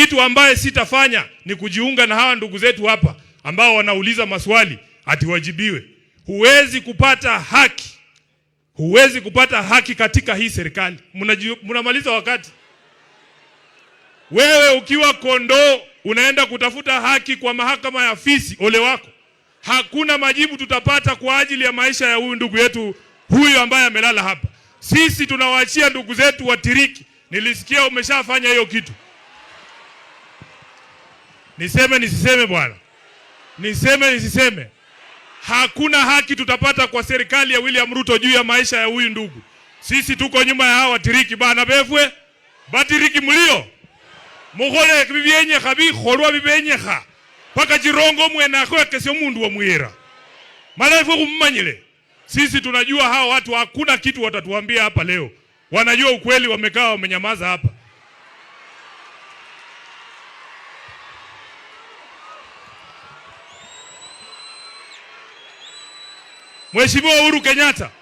Kitu ambaye sitafanya ni kujiunga na hawa ndugu zetu hapa ambao wanauliza maswali atiwajibiwe Huwezi kupata haki, huwezi kupata haki katika hii serikali. Mnamaliza wakati. Wewe ukiwa kondoo unaenda kutafuta haki kwa mahakama ya fisi, ole wako. Hakuna majibu tutapata kwa ajili ya maisha ya huyu ndugu yetu huyu ambaye amelala hapa. Sisi tunawaachia ndugu zetu watiriki. Nilisikia umeshafanya hiyo kitu. Niseme nisiseme, bwana? Niseme nisiseme? Hakuna haki tutapata kwa serikali ya William Ruto juu ya maisha ya huyu ndugu. Sisi tuko nyuma ya hawa tiriki bana befwe batiriki mlio. Mugole mulio khabi kholwa bibenye kha. paka jirongo chirongo kwa kesi mundu wa mwira Malefu ifwe sisi tunajua hawa watu hakuna kitu watatuambia hapa leo wanajua ukweli wamekaa wamenyamaza hapa Mheshimiwa Uhuru Kenyatta